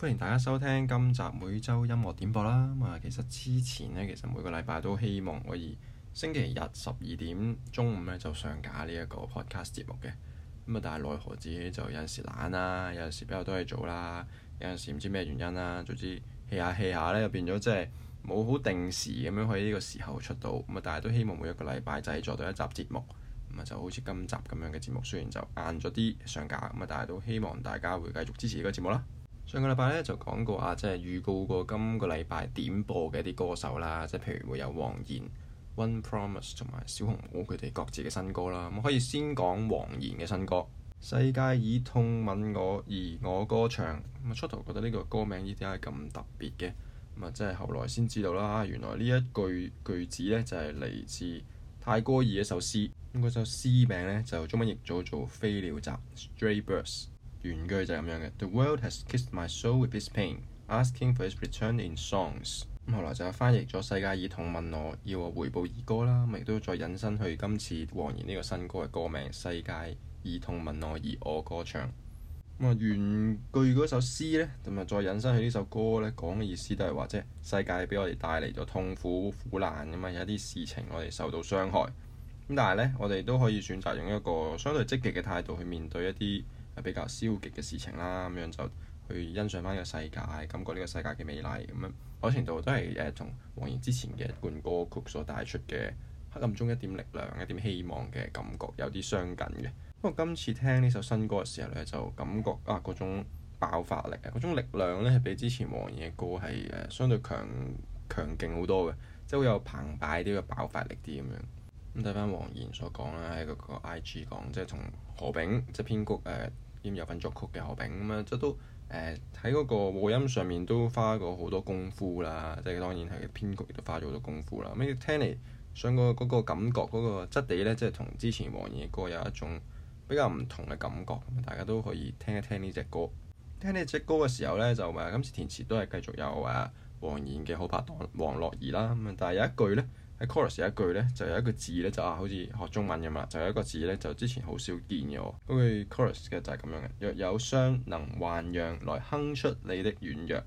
歡迎大家收聽今集每周音樂點播啦。咁、嗯、啊，其實之前呢，其實每個禮拜都希望可以星期日十二點中午呢就上架呢一個 podcast 節目嘅。咁、嗯、啊，但係奈何自己就有陣時懶啦，有陣時比較多嘢做啦，有陣時唔知咩原因啦，總之 hea 下 hea 下咧，就變咗即係冇好定時咁樣喺呢個時候出到。咁、嗯、啊，但係都希望每一個禮拜就係做到一集節目，咁、嗯、啊就好似今集咁樣嘅節目，雖然就晏咗啲上架，咁、嗯、啊，但係都希望大家會繼續支持呢個節目啦。上個禮拜咧就講過啊，即係預告過今個禮拜點播嘅啲歌手啦，即係譬如會有黃妍、One Promise 同埋小紅帽佢哋各自嘅新歌啦。咁、嗯、可以先講黃妍嘅新歌《世界以痛吻我，而我歌唱》。咁初頭覺得呢個歌名依啲係咁特別嘅，咁、嗯、啊即係後來先知道啦。原來呢一句句子咧就係、是、嚟自泰戈爾一首詩。咁、那、嗰、個、首詩名咧就中文譯做《飛鳥集》（Stray Birds） st.。原句就係咁樣嘅。The world has kissed my soul with its pain, asking for its return in songs。咁後來就係翻譯咗世界以痛吻我要我回報以歌啦。咁亦都再引申去今次黃妍呢個新歌嘅歌名《世界以痛吻我而我歌唱》。咁啊，原句嗰首詩呢，咁啊再引申去呢首歌呢講嘅意思都係話，即係世界俾我哋帶嚟咗痛苦苦難㗎嘛，有啲事情我哋受到傷害咁，但係呢，我哋都可以選擇用一個相對積極嘅態度去面對一啲，比較消極嘅事情啦，咁樣就去欣賞翻呢個世界，感覺呢個世界嘅美麗咁樣。某程度都係誒、啊、同黃妍之前嘅一貫歌曲所帶出嘅黑暗中一點力量、一點希望嘅感覺有啲相近嘅。不過今次聽呢首新歌嘅時候咧，就感覺啊嗰種爆發力，嗰種力量咧係比之前黃妍嘅歌係誒、啊、相對強強勁好多嘅，即係會有澎湃啲嘅爆發力啲咁樣。咁睇翻黃妍所講啦，喺個 IG 講，即係同何炳即係、就是、編曲誒。啊兼有份作曲嘅何平，咁、嗯、啊，即都誒喺嗰個和音上面都花過好多功夫啦。即當然係編曲亦都花咗好多功夫啦。咁、嗯、聽嚟上個嗰、那個感覺嗰、那個質地咧，即係同之前黃妍嘅歌有一種比較唔同嘅感覺、嗯。大家都可以聽一聽呢隻歌。聽呢隻歌嘅時候咧，就話今次填詞都係繼續有誒黃妍嘅好拍檔王樂儀啦。咁、嗯、啊，但係有一句咧。喺 chorus 時一句咧就有一個字咧就啊，好似學中文咁啦，就有一個字咧就之前好少見嘅。咁佢、okay, chorus 嘅就係咁樣嘅，若有雙能豢養來哼出你的軟弱。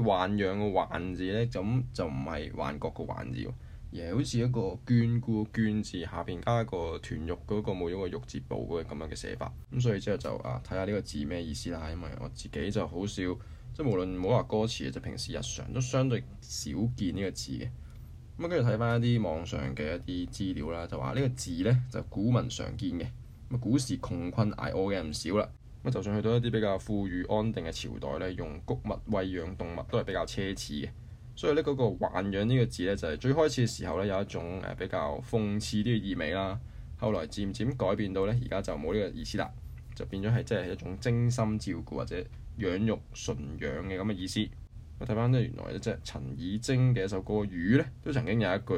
咁啊，豢養個豢字咧就咁就唔係幻覺個幻字，而係好似一個眷顧眷字下邊加一個豚肉嗰個冇咗個肉字部嘅咁樣嘅寫法。咁所以之後就啊，睇下呢個字咩意思啦。因為我自己就好少，即係無論唔好話歌詞，就平時日常都相對少見呢個字嘅。咁跟住睇翻一啲網上嘅一啲資料啦，就話呢個字呢，就古文常見嘅，咁啊古時窮困挨餓嘅人唔少啦，咁就算去到一啲比較富裕安定嘅朝代呢，用谷物餵養動物都係比較奢侈嘅，所以呢，嗰個豢養呢個字呢，就係最開始嘅時候呢，有一種誒比較諷刺啲嘅意味啦，後來漸漸改變到呢，而家就冇呢個意思啦，就變咗係即係一種精心照顧或者養育純養嘅咁嘅意思。我睇翻咧，原來咧即係陳綺貞嘅一首歌《魚》呢，都曾經有一句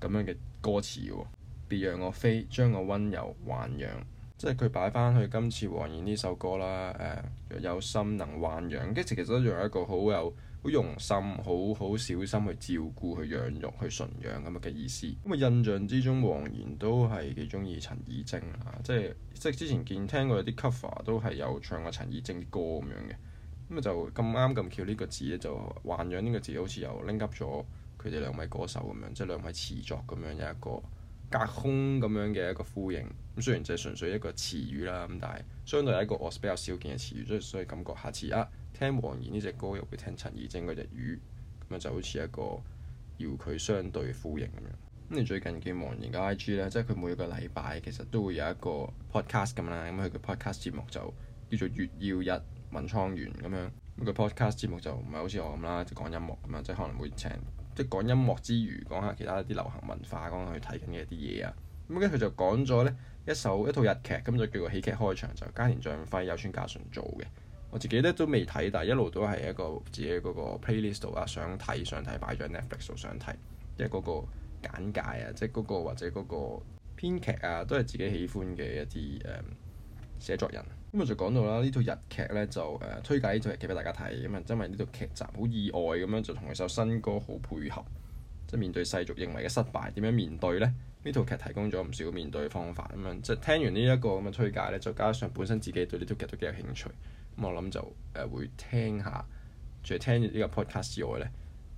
咁樣嘅歌詞喎，別讓我飛，將我溫柔豢養。即係佢擺翻去今次黃妍呢首歌啦。誒、呃，有心能豢養，跟住其實都仲有一個好有好用心、好好小心去照顧、去養育、去馴養咁嘅意思。咁啊，印象之中黃妍都係幾中意陳綺貞啊，即係即係之前見聽過有啲 cover 都係有唱過陳綺貞啲歌咁樣嘅。咁就咁啱咁巧呢個字咧，就豢養咗呢個字好似又拎急咗佢哋兩位歌手咁樣，即係兩位詞作咁樣有一個隔空咁樣嘅一個呼應。咁雖然就係純粹一個詞語啦，咁但係相對係一個我比較少見嘅詞語，所以所以感覺下次啊，聽黃妍呢隻歌又會聽陳綺貞嗰隻魚咁啊，就好似一個要佢相對呼應咁樣。咁你最近見黃妍嘅 I G 咧，即係佢每個禮拜其實都會有一個 podcast 咁啦，咁佢嘅 podcast 節目就叫做《月曜日》。文創園咁樣，咁、那個 podcast 節目就唔係好似我咁啦，就是、講音樂咁啊，即、就、係、是、可能會請即係、就是、講音樂之餘，講下其他一啲流行文化，講去睇緊嘅一啲嘢啊。咁跟住佢就講咗呢，一首一套日劇，咁就叫做喜劇開場，就是菅田將暉，有村架純做嘅。我自己咧都未睇，但係一路都係一個自己嗰個 playlist 度啊，想睇想睇擺咗 Netflix 度想睇，即係嗰個簡介啊，即係嗰、那個或者嗰個編劇啊，都係自己喜歡嘅一啲誒、嗯、寫作人。咁就講到啦，呢套日劇呢，就誒、呃、推介呢套日劇俾大家睇。咁啊，因為呢套劇集好意外咁樣，就同佢首新歌好配合。即係面對世俗認為嘅失敗，點樣面對呢？呢套劇提供咗唔少面對嘅方法。咁、嗯、樣即係聽完呢一個咁嘅推介呢，再加上本身自己對呢套劇都幾有興趣，咁、嗯、我諗就誒、呃、會聽下，除聽呢個 podcast 之外呢，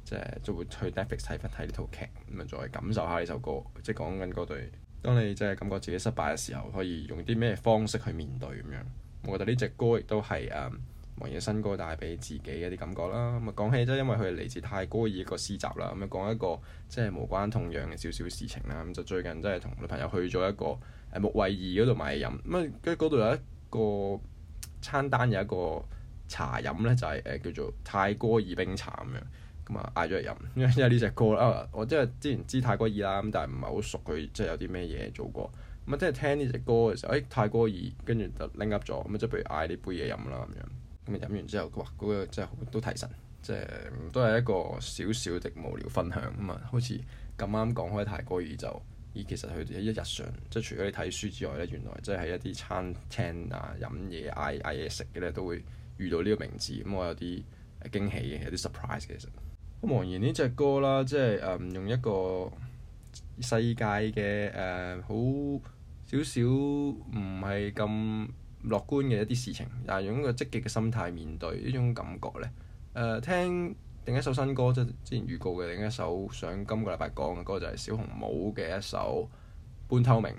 即係都會去 Netflix 睇翻睇呢套劇，咁啊再感受下呢首歌，即係講緊嗰對。當你真係感覺自己失敗嘅時候，可以用啲咩方式去面對咁樣？我覺得呢隻歌亦都係誒、嗯、黃妍新歌，但係俾自己一啲感覺啦。咁啊講起即係因為佢嚟自泰戈爾一個詩集啦，咁啊講一個即係無關痛癢嘅少少事情啦。咁、嗯、就最近真係同女朋友去咗一個誒木衛二嗰度買嘢飲，咁啊跟嗰度有一個餐單有一個茶飲咧，就係、是、誒、呃、叫做泰戈爾冰茶咁樣，咁啊嗌咗嚟飲，因為因為呢隻歌啦、嗯，我即係之前知泰戈爾啦，咁但係唔係好熟佢即係有啲咩嘢做過。咪即係聽呢隻歌嘅時候，誒、哎、泰戈爾，跟住就拎 up 咗，咪即係譬如嗌呢杯嘢飲啦咁樣，咁飲完之後，哇，嗰、那個真係好都提神，即、就、係、是、都係一個少少的無聊分享咁啊、嗯、好似咁啱講開泰戈爾就，而、欸、其實佢哋一日常，即、就、係、是、除咗你睇書之外咧，原來即係喺一啲餐廳啊飲嘢嗌嗌嘢食嘅咧，都會遇到呢個名字，咁、嗯、我有啲驚喜嘅，有啲 surprise 其實。忘言呢隻歌啦，即係誒、嗯、用一個世界嘅誒好。嗯少少唔係咁樂觀嘅一啲事情，但係用一個積極嘅心態面對呢種感覺呢誒、呃，聽另一首新歌，即係之前預告嘅另一首，上今個禮拜講嘅歌，歌就係、是、小紅帽嘅一首《半透明》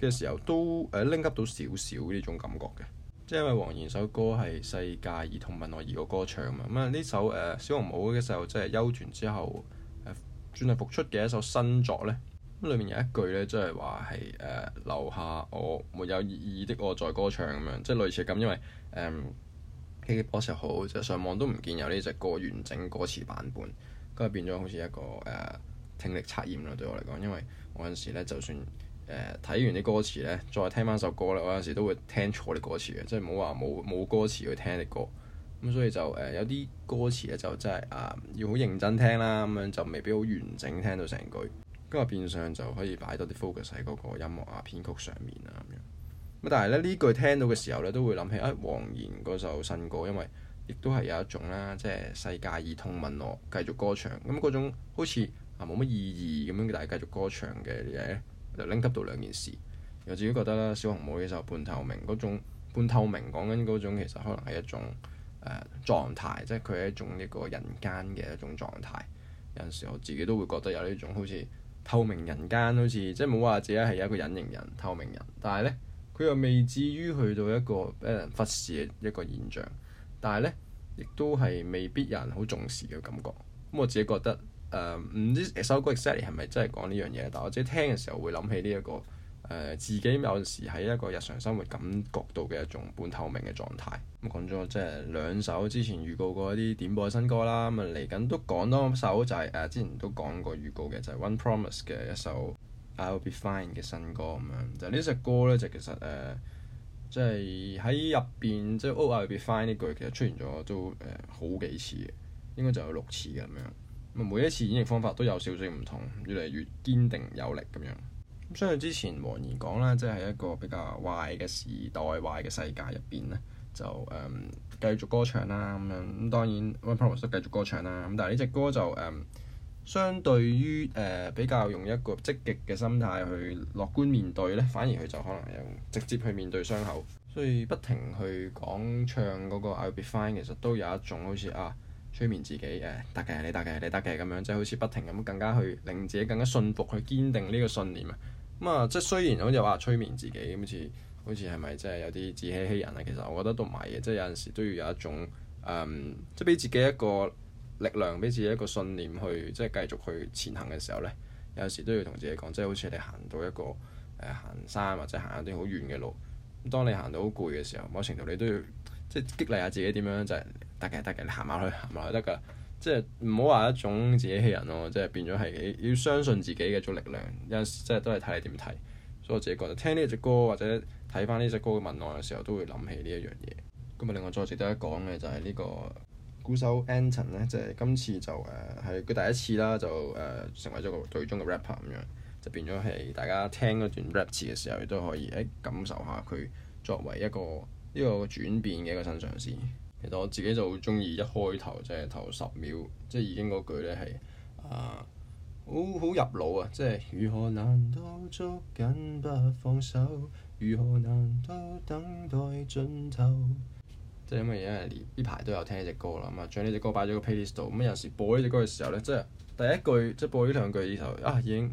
嘅時候都誒拎及到少少呢種感覺嘅。即係因為黃妍首歌係世界兒童文學兒歌唱嘛，咁啊呢首誒、呃、小紅帽嘅時候即係休團之後誒轉嚟復出嘅一首新作呢。裏面有一句咧，即係話係誒留下我沒有意義的我在歌唱咁樣，即係類似咁。因為誒，KKBOX 好就上網都唔見有呢隻歌完整歌詞版本，咁啊變咗好似一個誒、呃、聽力測驗咯。對我嚟講，因為我有陣時咧，就算誒睇、呃、完啲歌詞咧，再聽翻首歌咧，我有陣時都會聽錯啲歌詞嘅，即係冇話冇冇歌詞去聽啲歌咁，所以就誒、呃、有啲歌詞咧就真係啊、呃、要好認真聽啦，咁樣就未必好完整聽到成句。咁啊，變相就可以擺多啲 focus 喺嗰個音樂啊、編曲上面啊。咁樣咁但係咧，呢句聽到嘅時候咧，都會諗起啊，黃妍嗰首新歌，因為亦都係有一種啦，即係世界以痛吻我，繼續歌唱。咁嗰種好似啊冇乜意義咁樣，但係繼續歌唱嘅嘢咧，就 link up 到兩件事。我自己覺得啦，小紅帽嘅時候半透明嗰種半透明，講緊嗰種，種其實可能係一種誒狀態，即係佢係一種一個人間嘅一種狀態。有陣時我自己都會覺得有呢種好似～透明人間，好似即係冇話自己係一個隱形人透明人，但係咧佢又未至於去到一個俾人忽視嘅一個現象，但係咧亦都係未必有人好重視嘅感覺。咁、嗯、我自己覺得誒唔、呃、知首歌 exactly 係咪真係講呢樣嘢？但我自己聽嘅時候會諗起呢、這、一個。誒、呃、自己有時喺一個日常生活感覺到嘅一種半透明嘅狀態。咁、嗯、講咗即係兩首之前預告過一啲點播嘅新歌啦。咁啊嚟緊都講多首就係、是、誒、啊、之前都講過預告嘅就係、One Promise 嘅一首 I'll Be Fine 嘅新歌咁樣、嗯呃。就呢隻歌咧就其實誒即係喺入邊即係 Oh I'll Be Fine 呢句其實出現咗都誒、呃、好幾次嘅，應該就有六次嘅咁樣。咁啊每一次演繹方法都有少少唔同，越嚟越堅定有力咁樣。相對之前，黃妍講啦，即係一個比較壞嘅時代、壞嘅世界入邊咧，就誒、嗯、繼續歌唱啦。咁樣咁當然 One Promise 都繼續歌唱啦。咁但係呢隻歌就誒、嗯、相對於誒、呃、比較用一個積極嘅心態去樂觀面對咧，反而佢就可能用直接去面對傷口，所以不停去講唱嗰、那個 I'll Be Fine，其實都有一種好似啊催眠自己誒得嘅你得嘅你得嘅咁樣，即係好似不停咁更加去令自己更加信服去堅定呢個信念啊！咁啊、嗯，即係雖然好似話催眠自己，咁似好似係咪真係有啲自欺欺人啊？其實我覺得都唔係嘅，即係有陣時都要有一種誒，即係俾自己一個力量，俾自己一個信念去即係繼續去前行嘅時候呢，有陣時都要同自己講，即係好似你行到一個誒、呃、行山或者行一啲好遠嘅路，咁當你行到好攰嘅時候，某程度你都要即係激勵下自己點樣就係得嘅，得嘅，你行下去，行下去得㗎。即係唔好話一種自己欺人咯，即係變咗係要相信自己嘅一種力量。有陣時即係都係睇你點睇，所以我自己覺得聽呢隻歌或者睇返呢隻歌嘅文案嘅時候，都會諗起呢一樣嘢。咁啊，另外再值得一講嘅就係呢、這個鼓手 Anton 咧，即、就、係、是、今次就誒係佢第一次啦，就誒、呃、成為咗個隊中嘅 rapper 咁樣，就變咗係大家聽嗰段 rap 詞嘅時候，亦都可以誒感受下佢作為一個呢、這個轉變嘅一個新嘗試。其實我自己就好中意一開頭即係頭十秒，即係已經嗰句咧係啊，好、呃、好入腦啊！即係如何難都捉緊不放手，如何難都等待盡頭。即係因為因為呢排都有聽呢隻歌啦，咁啊將呢隻歌擺咗個 playlist 度。咁、嗯、有時播呢隻歌嘅時候咧，即係第一句即係播呢兩句以後啊，已經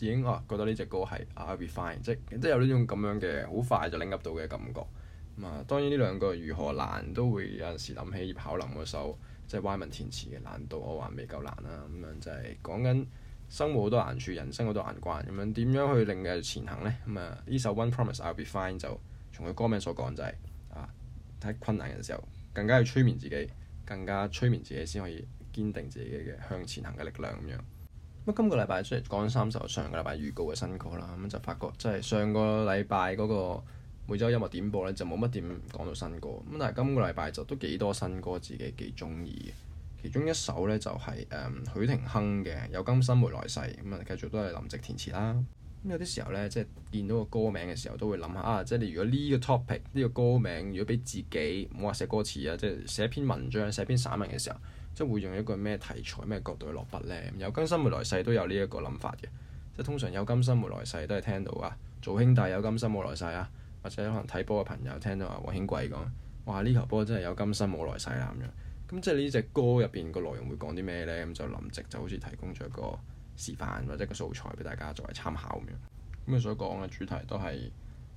已經啊覺得呢隻歌係《I'll、uh, Be Fine》，即係即係有呢種咁樣嘅好快就拎入到嘅感覺。咁當然呢兩個如何難，都會有陣時諗起葉巧琳嗰首即係、就是、歪文填詞嘅難度，我話未夠難啦。咁樣就係講緊生活好多難處，人生好多難關。咁樣點樣去令誒前行呢？咁啊，呢首 One Promise I'll w i Be Fine 就從佢歌名所講就係、是、啊，喺困難嘅時候更加要催眠自己，更加催眠自己先可以堅定自己嘅向前行嘅力量咁樣。咁今個禮拜雖然講三首上個禮拜預告嘅新歌啦。咁就發覺即係上個禮拜嗰個。每周音樂點播咧就冇乜點講到新歌咁，但係今個禮拜就都幾多新歌，自己幾中意嘅。其中一首呢，就係、是、誒、嗯、許廷鏗嘅《有今生沒來世》，咁、嗯、啊繼續都係林夕填詞啦。有啲時候呢，即係見到個歌名嘅時候，都會諗下啊，即係你如果呢個 topic 呢個歌名，如果俾自己唔好話寫歌詞啊，即係寫一篇文章寫篇散文嘅時候，即係會用一個咩題材咩角度去落筆呢？有今生沒來世都有呢一個諗法嘅，即係通常有今生沒來世都係聽到啊，做兄弟有今生冇來世啊。或者可能睇波嘅朋友聽到話黃興貴講：哇！呢球波真係有今生冇來世喇咁樣。咁即係呢隻歌入邊個內容會講啲咩呢？咁就林夕就好似提供咗一個示範或者個素材俾大家作為參考咁樣。咁佢所講嘅主題都係、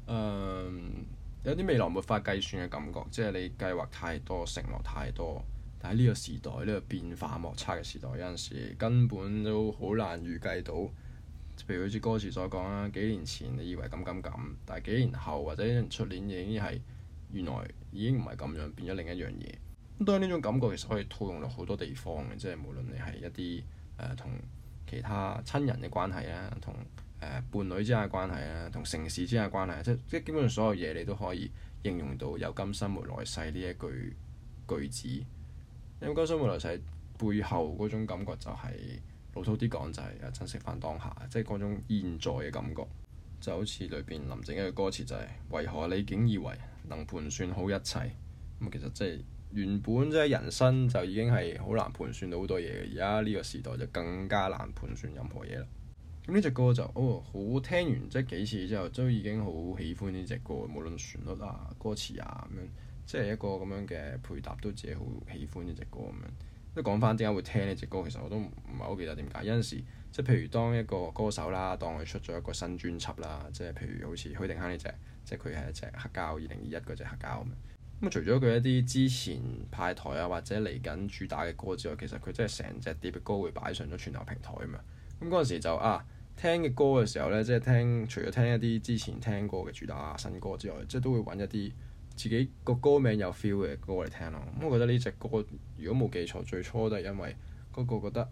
嗯，有啲未來沒法計算嘅感覺，即係你計劃太多、承諾太多，但喺呢個時代呢、呢個變化莫測嘅時代，有陣時根本都好難預計到。譬如好似歌詞所講啦，幾年前你以為咁咁咁，但係幾年後或者出年已經係原來已經唔係咁樣，變咗另一樣嘢。當然呢種感覺，其實可以套用到好多地方嘅，即係無論你係一啲誒、呃、同其他親人嘅關係啦、同誒、呃、伴侶之間嘅關係啦、同城市之間嘅關係，即即係基本上所有嘢你都可以應用到有今生沒來世呢一句句子。因、嗯、為今生沒來世背後嗰種感覺就係、是、～普通啲講就係啊，珍惜翻當下，即係嗰種現在嘅感覺，就好似裏邊林正英嘅歌詞就係、是、為何你竟以為能盤算好一切？咁其實即、就、係、是、原本即係人生就已經係好難盤算到好多嘢嘅，而家呢個時代就更加難盤算任何嘢啦。咁呢隻歌就哦好聽完即係幾次之後，都已經好喜歡呢隻歌，無論旋律啊、歌詞啊咁樣，即係一個咁樣嘅配搭都自己好喜歡呢隻歌咁樣。講翻點解會聽呢隻歌，其實我都唔係好記得點解。有陣時，即係譬如當一個歌手啦，當佢出咗一個新專輯啦，即係譬如好似許廷鏗呢隻，即係佢係一隻黑膠二零二一嗰隻黑膠咁。咁、嗯、除咗佢一啲之前派台啊，或者嚟緊主打嘅歌之外，其實佢真係成隻碟嘅歌會擺上咗全球平台啊嘛。咁嗰陣時就啊，聽嘅歌嘅時候呢，即係聽除咗聽一啲之前聽過嘅主打、啊、新歌之外，即係都會揾一啲自己個歌名有 feel 嘅歌嚟、那個、聽咯，咁我覺得呢隻歌如果冇記錯，最初都係因為嗰個覺得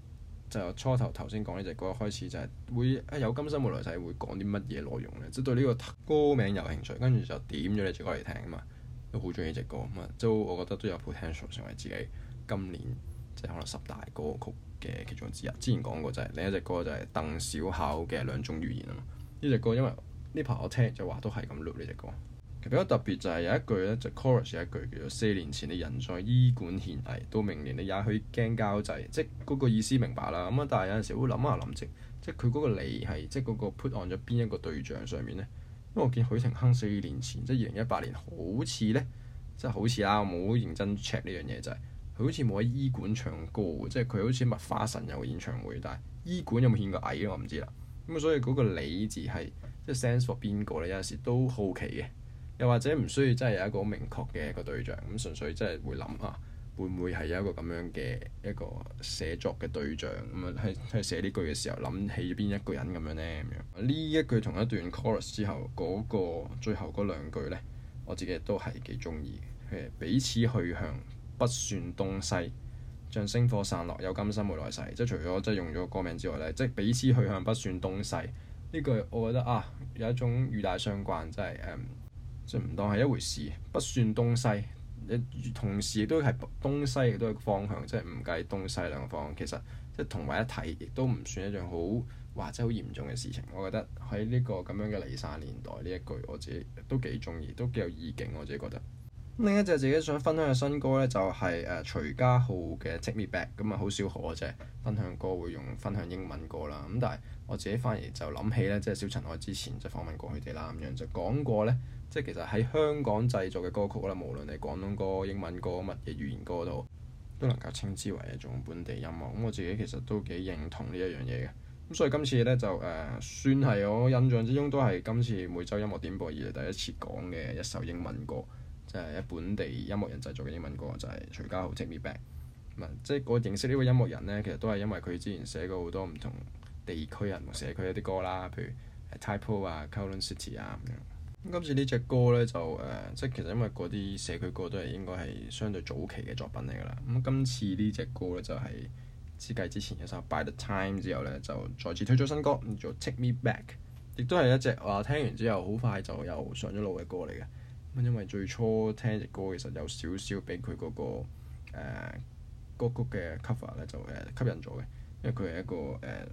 就是，初頭頭先講呢隻歌開始就係會有今生沒來世，會講啲乜嘢內容呢？即係、就是、對呢個歌名有興趣，跟住就點咗呢隻歌嚟聽啊嘛，都好中意呢隻歌啊嘛，都我覺得都有 potential 成為自己今年即係、就是、可能十大歌曲嘅其中之一。之前講過就係、是、另一隻歌就係鄧小巧嘅兩種語言啊嘛，呢隻歌因為呢排我聽就話都係咁錄呢隻歌。比較特別就係有一句咧，就 Chorus 一句叫做四年前你人在醫館獻藝，到明年你也許驚交際，即係嗰、那個意思明白啦咁啊。但係有陣時會諗下林夕，即係佢嗰個理係即係嗰個 put on 咗邊一個對象上面咧？因為我見許廷鏗四年前即係二零一八年，好似咧即係好似啦，我冇認真 check 呢樣嘢就係、是、佢好似冇喺醫館唱歌，即係佢好似麥花臣有個演唱會，但係醫館有冇獻過藝我唔知啦。咁所以嗰個理字係即係 sense for 邊個咧？有陣時都好奇嘅。又或者唔需要真係有一個好明確嘅一個對象，咁純粹真係會諗下會唔會係有一個咁樣嘅一個寫作嘅對象咁啊？喺喺寫呢句嘅時候諗起邊一個人咁樣呢？咁樣呢一句同一段 chorus 之後嗰、嗰個最後嗰兩句呢，我自己都係幾中意嘅。彼此去向不算東西，像星火散落，有今生冇來世。即係除咗即係用咗歌名之外呢，即係彼此去向不算東西呢句，我覺得啊有一種與大相關，即係誒。Um, 就唔當係一回事，不算東西。同時亦都係東西，亦都係方向，即係唔計東西兩個方向。其實即係同埋一睇，亦都唔算一樣好或者好嚴重嘅事情。我覺得喺呢個咁樣嘅離散年代，呢一句我自己都幾鍾意，都幾有意境。我自己覺得。另一隻自己想分享嘅新歌咧，就係、是、誒、啊、徐家浩嘅《Take Me Back》咁啊，好少可嘅分享歌會用分享英文歌啦。咁、嗯、但係我自己反而就諗起咧，即係小塵埃之前就訪問過佢哋啦，咁樣就講過咧，即係其實喺香港製作嘅歌曲咧，無論你廣東歌、英文歌、乜嘢語言歌都好，都能夠稱之為一種本地音樂。咁、嗯、我自己其實都幾認同呢一樣嘢嘅。咁、嗯、所以今次咧就誒、呃、算係我印象之中都係今次每週音樂點播以來第一次講嘅一首英文歌。即係一本地音樂人製作嘅英文歌，就係徐家豪《Take Me Back》，嗯。即係我認識呢個音樂人呢，其實都係因為佢之前寫過好多唔同地區人同社區一啲歌啦，譬如《Tai Po》啊，啊《Kowloon City》啊，今次呢隻歌呢，就誒，即係其實因為嗰啲社區歌都係應該係相對早期嘅作品嚟㗎啦。咁今次呢隻歌呢，就係之繼之前一首《By The Time》之後呢，就再次推出新歌，叫做《Take Me Back》，亦都係一隻話聽完之後好快就又上咗路嘅歌嚟嘅。因為最初聽隻歌其實有少少俾佢嗰個、呃、歌曲嘅 cover 咧就誒、呃、吸引咗嘅，因為佢係一個誒、呃、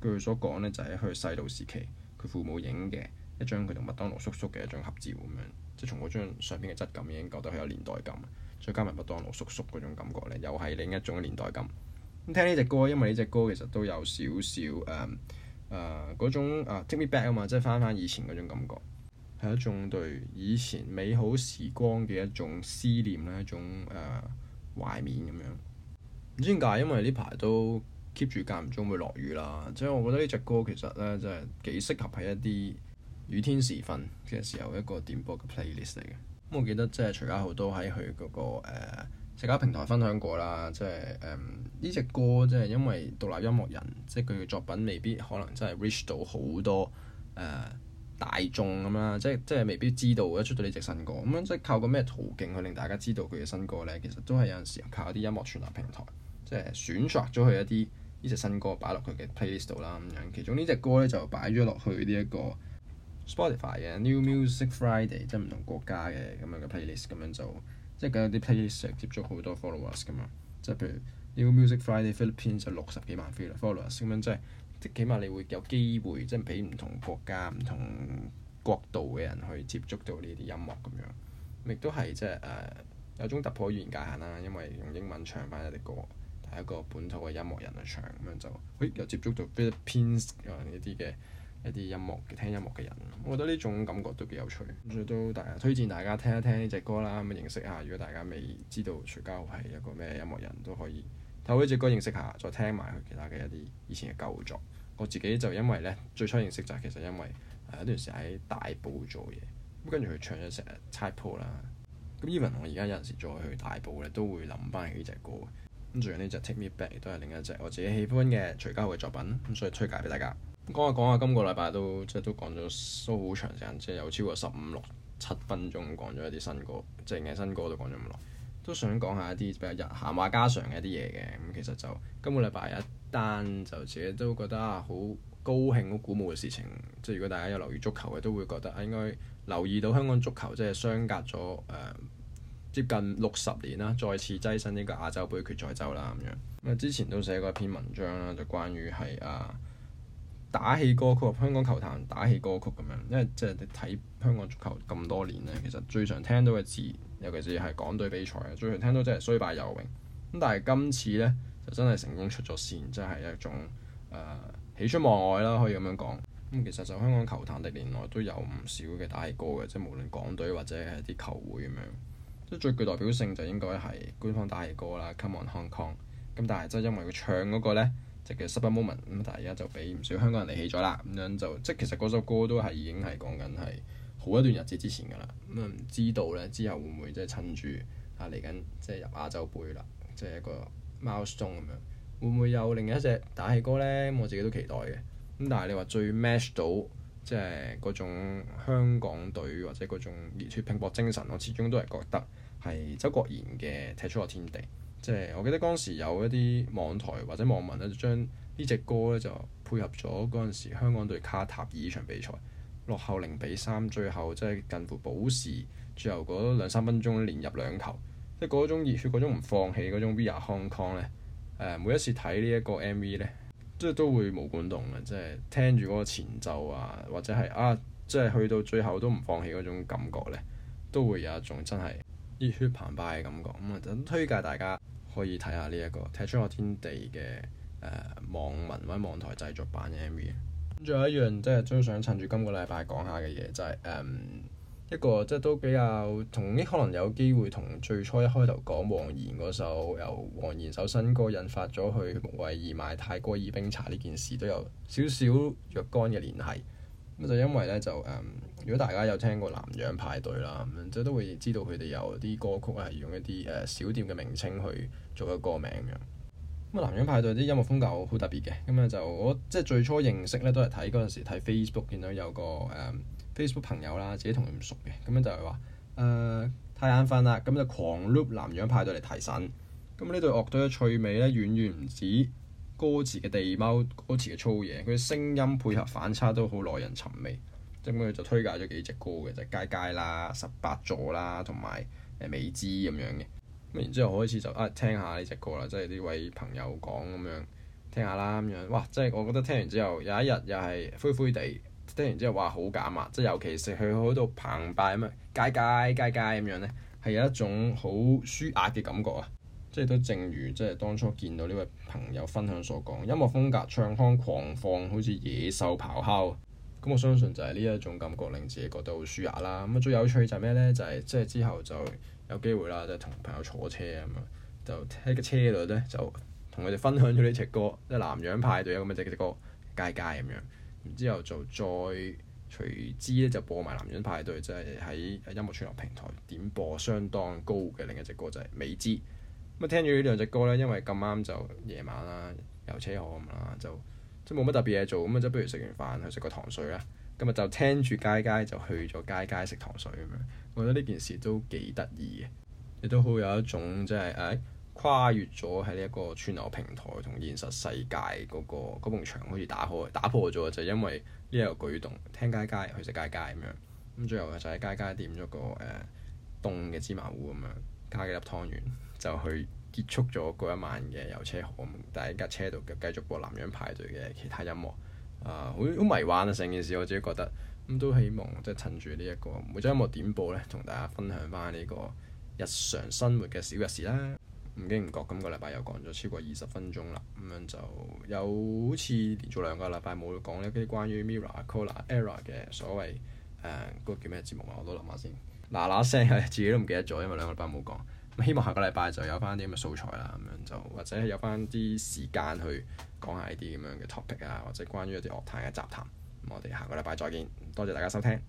據佢所講咧就係去細路時期佢父母影嘅一張佢同麥當勞叔叔嘅一張合照咁樣，即係從嗰張相片嘅質感已經覺得佢有年代感，再加埋麥當勞叔叔嗰種感覺咧又係另一種嘅年代感。咁聽呢隻歌，因為呢隻歌其實都有少少誒誒嗰種、呃、take me back 啊嘛，即係翻翻以前嗰種感覺。係一種對以前美好時光嘅一種思念咧，一種誒懷緬咁樣。唔知點解，因為呢排都 keep 住間唔中會落雨啦，即係我覺得呢隻歌其實咧即係幾適合喺一啲雨天時分嘅時候一個點播嘅 playlist 嚟嘅。咁我記得即係徐嘉浩都喺佢嗰個、呃、社交平台分享過啦，即係誒呢隻歌即係因為獨立音樂人，即係佢嘅作品未必可能真係 reach 到好多誒。呃大眾咁啦，即即係未必知道一出到呢隻新歌，咁樣即係靠個咩途徑去令大家知道佢嘅新歌咧？其實都係有陣時候靠一啲音樂傳達平台，即係選擇咗佢一啲呢隻新歌擺落佢嘅 playlist 度啦咁樣。其中呢隻歌咧就擺咗落去呢一個 Spotify 嘅 New Music Friday，即係唔同國家嘅咁樣嘅 playlist 咁樣就即係有啲 playlist 接觸好多 followers 噶嘛。即係譬如 New Music Friday Philippines 就六十幾萬 followers 咁樣，即係。即起碼你會有機會，即係俾唔同國家、唔同國度嘅人去接觸到呢啲音樂咁樣，亦都係即係誒有種突破語言界限啦。因為用英文唱翻一啲歌，係一個本土嘅音樂人去唱，咁樣就誒又接觸到非偏啊啲嘅一啲音樂嘅聽音樂嘅人。我覺得呢種感覺都幾有趣，咁都大推薦大家聽一聽呢隻歌啦，咁樣認識下。如果大家未知道徐家豪係一個咩音樂人都可以。睇好呢隻歌認識下，再聽埋佢其他嘅一啲以前嘅舊作。我自己就因為咧最初認識就係其實因為係、啊、一段時間喺大埔做嘢，咁跟住佢唱咗成日拆破啦。咁 even 我而家有陣時再去大埔咧，都會諗翻起呢隻歌。咁仲有呢隻 Take Me Back 都係另一隻我自己喜歡嘅徐家嘅作品，咁所以推介俾大家。講下講下，今個禮拜都即係都講咗都好長時間，即係有超過十五六七分鐘講咗一啲新歌，即係嘅新歌都講咗咁耐。都想講下一啲比較日閒話家常嘅一啲嘢嘅，咁其實就今個禮拜有一單就自己都覺得啊好高興好鼓舞嘅事情，即係如果大家有留意足球嘅，都會覺得啊應該留意到香港足球即係相隔咗誒、啊、接近六十年啦、啊，再次躋身呢個亞洲杯決賽周啦咁樣。咁啊之前都寫過一篇文章啦、啊，就關於係啊。打氣歌曲，香港球壇打氣歌曲咁樣，因為即係你睇香港足球咁多年咧，其實最常聽到嘅字，尤其是係港隊比賽啊，最常聽到即係衰敗又榮。咁但係今次咧就真係成功出咗線，真係一種誒喜出望外啦，可以咁樣講。咁其實就香港球壇歷年來都有唔少嘅打氣歌嘅，即係無論港隊或者係啲球會咁樣。即係最具代表性就應該係官方打氣歌啦，Come on Hong Kong。咁但係即係因為佢唱嗰個咧。即嘅《Super Moment》，咁但係而家就俾唔少香港人離棄咗啦，咁樣就即係其實嗰首歌都係已經係講緊係好一段日子之前㗎啦。咁啊唔知道咧，之後會唔會即係趁住啊嚟緊即係入亞洲盃啦，即係一個 Mouse 中咁樣，會唔會有另一隻打氣歌咧？我自己都期待嘅。咁但係你話最 match 到即係嗰種香港隊或者嗰種熱血拼搏精神，我始終都係覺得係周國賢嘅《踢出個天地》。即係我記得嗰陣時有一啲網台或者網民咧，就將呢隻歌咧就配合咗嗰陣時香港對卡塔爾呢場比賽，落後零比三，最後即係近乎保時，最後嗰兩三分鐘連入兩球，即係嗰種熱血、嗰種唔放棄嗰種 We Are Hong Kong 咧，誒、呃、每一次睇呢一個 MV 咧，即係都會毛管動啊！即係聽住嗰個前奏啊，或者係啊，即係去到最後都唔放棄嗰種感覺咧，都會有一種真係熱血澎湃嘅感覺。咁啊，就推介大家。可以睇下呢、這、一個《踢出我天地》嘅、呃、誒網民或者網台製作版嘅 MV。仲有一樣即係都想趁住今個禮拜講下嘅嘢，就係、是、誒、嗯、一個即係都比較同啲可能有機會同最初一開頭講黃妍嗰首由黃妍首新歌引發咗去為義賣泰戈爾冰茶呢件事都有少少若干嘅聯繫。咁就因為咧，就誒，如果大家有聽過南洋派對啦，咁即係都會知道佢哋有啲歌曲係用一啲誒小店嘅名稱去做一個歌名咁樣。咁啊，南洋派對啲音樂風格好特別嘅，咁啊就我即係最初認識咧，都係睇嗰陣時睇 Facebook 見到有個誒、um, Facebook 朋友啦，自己同佢唔熟嘅，咁樣就係話誒太眼瞓啦，咁就狂碌南洋派對嚟提神。咁呢對樂隊嘅趣味咧，遠遠唔止。歌詞嘅地貌，歌詞嘅粗野，佢嘅聲音配合反差都好耐人尋味。咁佢就推介咗幾隻歌嘅，就是《佳佳》啦，《十八座》啦，同埋誒《美知》咁樣嘅。咁然之後開始就啊聽下呢隻歌啦，即係呢位朋友講咁樣聽下啦，咁樣哇，即係我覺得聽完之後有一日又係灰灰地聽完之後話好減壓，即係尤其是佢喺度澎湃咁樣《佳佳》佳佳《佳佳》咁樣咧，係有一種好舒壓嘅感覺啊！即係都正如即係當初見到呢位朋友分享所講，音樂風格唱腔狂放，好似野獸咆哮。咁我相信就係呢一種感覺，令自己覺得好舒壓啦。咁啊，最有趣就係咩呢？就係即係之後就有機會啦，就同、是、朋友坐車啊嘛，就喺個車度呢，就同佢哋分享咗呢隻歌，即係南洋派對啊咁嘅隻歌，佳佳咁樣。然之後就再隨之咧就播埋南洋派對，即係喺音樂串流平台點播相當高嘅另一隻歌，就係、是、美知。咁聽住呢兩隻歌咧，因為咁啱就夜晚啦，遊車河咁啦，就即係冇乜特別嘢做，咁啊，即不如食完飯去食個糖水啦。今日就聽住佳佳，就去咗佳佳食糖水咁樣。我覺得呢件事都幾得意嘅，亦都好有一種即係、就是、誒跨越咗喺呢一個串流平台同現實世界嗰、那個埲牆好似打開打破咗，就是、因為呢一個舉動，聽佳佳去食佳佳咁樣。咁最後就喺佳佳點咗個誒、呃、凍嘅芝麻糊咁樣。加幾粒湯圓就去結束咗嗰一晚嘅遊車河，但喺架車度繼續播南洋派對嘅其他音樂，呃、迷幻啊，好好迷幻啊！成件事我自己覺得咁，都希望即係、就是、趁住呢、這個、一個每周音樂點播咧，同大家分享翻呢個日常生活嘅小日子啦。唔經唔覺今個禮拜又講咗超過二十分鐘啦，咁樣就有好似連續兩個禮拜冇講呢啲關於 MIRROR、COLLAR、ERROR 嘅所謂誒嗰、呃，那個叫咩節目啊？我都諗下先。嗱嗱聲係自己都唔記得咗，因為兩個禮拜冇講。咁希望下個禮拜就有返啲咁嘅素材啦，咁樣就或者有返啲時間去講下呢啲咁樣嘅 topic 啊，或者關於一啲樂壇嘅雜談。咁我哋下個禮拜再見，多謝大家收聽。